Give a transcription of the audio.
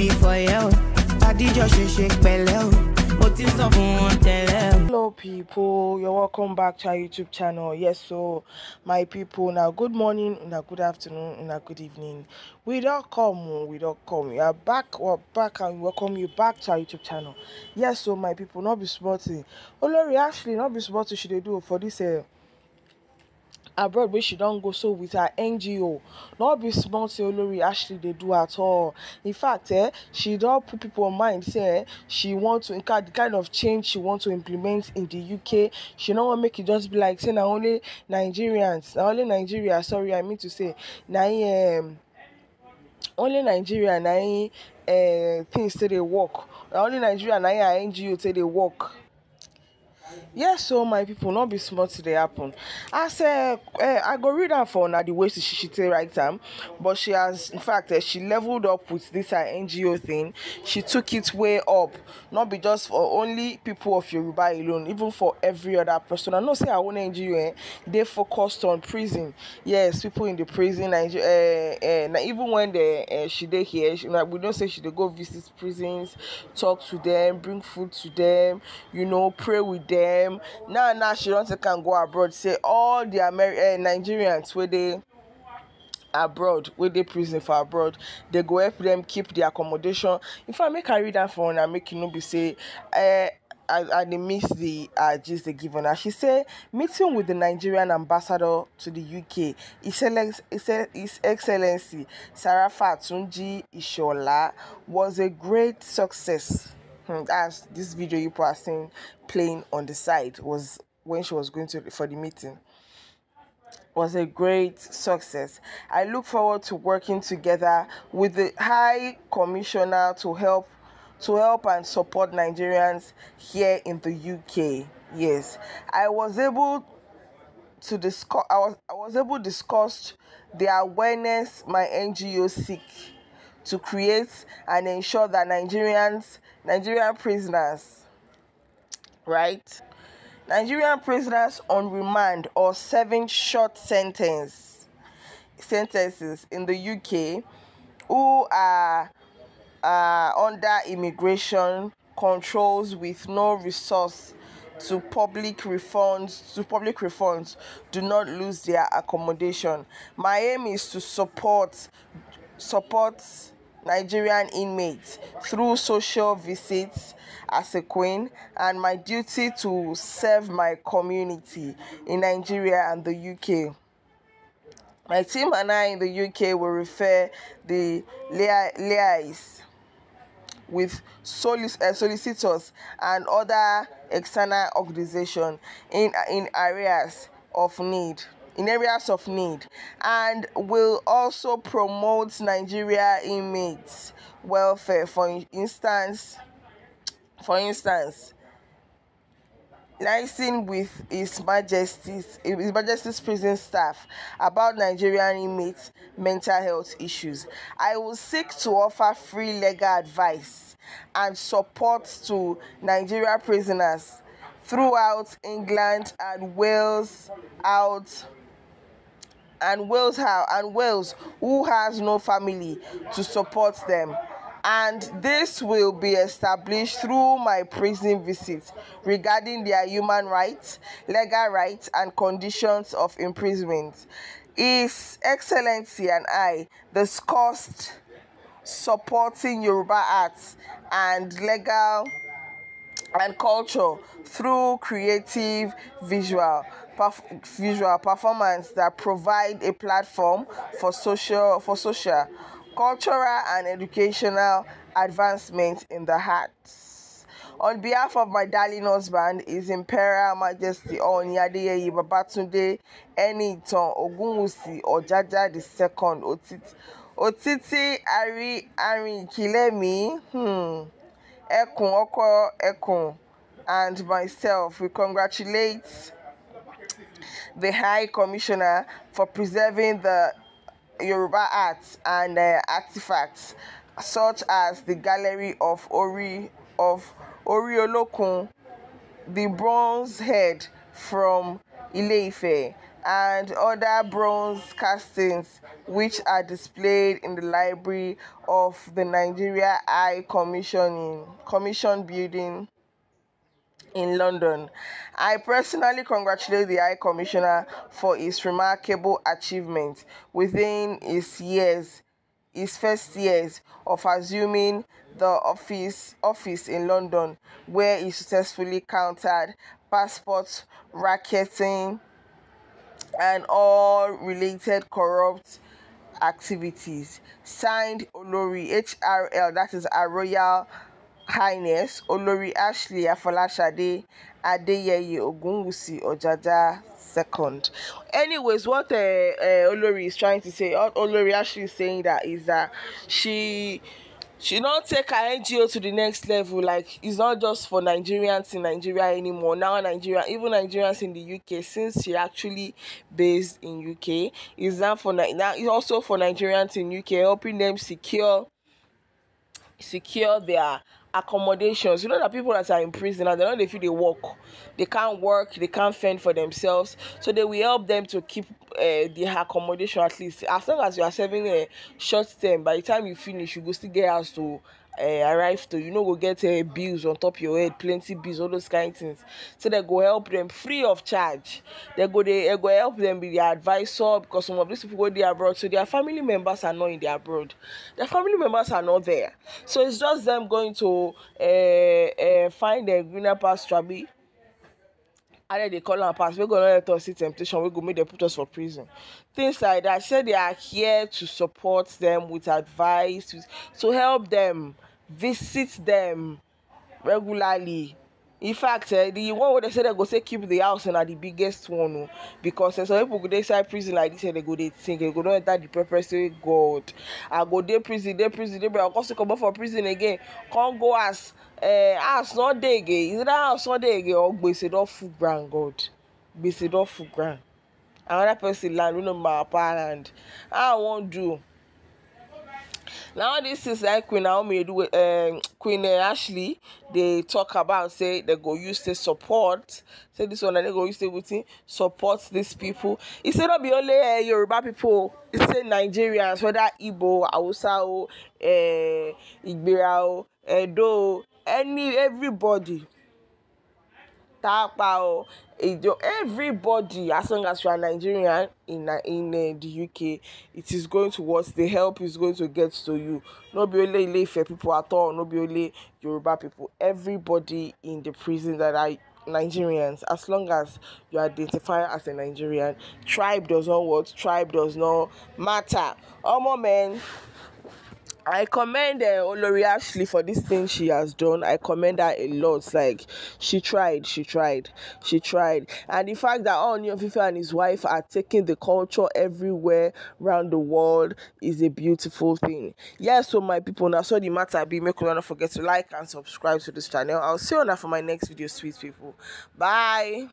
di fọyẹ́ o adijọ́ ṣe ṣe pẹ̀lẹ́ o mo ti sọ fún wọn tẹ́lẹ̀ o. hello people you're welcome back to our youtube channel yes so my people na good morning na good afternoon na good evening we don come we don come you are back we are back and we welcome you back to our youtube channel yes so my people no be small thing olori ashley no be small thing she dey do for dis. Uh, eh, abroad wey she don go so with her ngo no be small tin olori ashley dey do at all in fact eh she don put pipo mind say eh she want to the kind of change she want to implement in the uk she no wan make e just be like say na only nigerians na only nigeria sorry i mean to say na um, only nigeria na im um, eh, tins take dey work na only nigeria na im her ngo take dey work yes so my people, not be smart today happen as uh, eh, i go read her for now the way she take right time, but she has in fact eh, she leveled up with this ngo thing she took it way up not be just for only people of yoruba alone even for every other person i know say I own ngo eh, They focused on prison yes people in the prison Now even wen she they here we don't say she they go visit prisons talk to them, bring food to them. you know pray with them. dem now now she don take am go abroad say all the di eh, nigerians where they abroad where they prison for abroad They go help them keep the accommodation in fact make i read am for I make you know be say eh, i dey miss the gist dey give una she say meeting with the nigerian ambassador to the uk e, his excellency Sarah Fatunji ishola was a great success Hmm, As this video you are seeing playing on the side was when she was going to for the meeting was a great success. I look forward to working together with the High Commissioner to help to help and support Nigerians here in the UK. Yes, I was able to discuss I was, I was able to discuss the awareness my NGO seek to create and ensure that Nigerians, Nigerian prisoners, right? Nigerian prisoners on remand or serving short sentence sentences in the UK who are uh, under immigration controls with no resource to public refunds to public refunds do not lose their accommodation my aim is to support support Nigerian inmates through social visits as a Queen and my duty to serve my community in Nigeria and the UK. My team and I in the UK will refer the liais with solic uh, solicitors and other external organizations in, in areas of need. in areas of need and will also promote Nigeria inmates welfare for instance for instance liaising with His Majesty's, His Majesty's prison staff about Nigerian inmates' mental health issues. I will seek to offer free legal advice and support to Nigeria prisoners throughout England and Wales out and Wales how and Wales who has no family to support them. And this will be established through my prison visit regarding their human rights, legal rights, and conditions of imprisonment. His Excellency and I discussed supporting Yoruba arts and legal and culture through creative visual perf- visual performance that provide a platform for social for social, cultural and educational advancement in the arts. On behalf of my darling husband, His Imperial Majesty Onyadeyeye Babatunde Enitan Ogunwusi Ojaja II Otiti Otiti Ari Kilemi, hmm, Ekun Oko Ekun and myself, we congratulate the High Commissioner for Preserving the Yoruba Arts and uh, Artifacts, such as the Gallery of Ori of Oriolokun, the bronze head from ile and other bronze castings which are displayed in the library of the Nigeria High Commission Commission Building. in London. I personally congratulate the High Commissioner for his remarkable achievement within his years his first years of assuming the office office in London, where he successfully countered passport racketing and all related corrupt activities. Signed Olori HRL, that is our Royal Highness Olori Ashley Afolashade Adeyeye Ogunwusi Ojaja Second. Anyways, what uh, uh, Olori is trying to say, what Olori Ashley is saying that is that she she not take her NGO to the next level. Like it's not just for Nigerians in Nigeria anymore. Now Nigeria, even Nigerians in the UK, since she actually based in UK, is that for now? It's also for Nigerians in UK, helping them secure secure their accommodations you know that people that are in prison and they know they feel they work they can't work they can't fend for themselves so they will help them to keep uh, the accommodation at least as long as you are serving a short term by the time you finish you go still get us to uh, arrive to you know go get uh, bills on top your head plenty bills all those kind of things so they go help them free of charge they go they, they go help them be their advisor because some of these people go there abroad so their family members are not in the abroad their family members are not there so it's just them going to uh, uh, find a greener pasture be and then they call and pass. We're gonna let us see temptation. We're gonna make them put us for prison. Things like that. I said they are here to support them with advice, to help them visit them regularly in fact eh, the one wey dey say they go say keep the house and are the biggest one o oh, because eh, some people go dey inside prison like this eh, dey go they think they go don enter the purpose say god i go dey prison they prison they prison i go come still for prison again Can't go as eh, house no dey again either house no dey again or gbese don full ground god gbese don full ground another person land wey no be my papa i won't do now this is like queen naomi do um, queen uh, ashley they talk about say they go use the support say this one and they go use the thing. support these people it say not be only uh, yoruba people it say nigerians whether igbo hausa o uh, igbira edo any everybody Tapa or everybody, as long as you are Nigerian in in uh, the UK, it is going towards the help is going to get to you. No be only Ilefe people at all, no be only Yoruba people. Everybody in the prison that are Nigerians, as long as you identify as a Nigerian, tribe does not what tribe does not matter. All Omo men, I commend uh, Olori Ashley for this thing she has done. I commend her a lot. Like she tried, she tried, she tried, and the fact that Oni Fife and his wife are taking the culture everywhere around the world is a beautiful thing. Yes, yeah, so my people, now so the matter be make sure not forget to like and subscribe to this channel. I'll see you now for my next video, sweet people. Bye.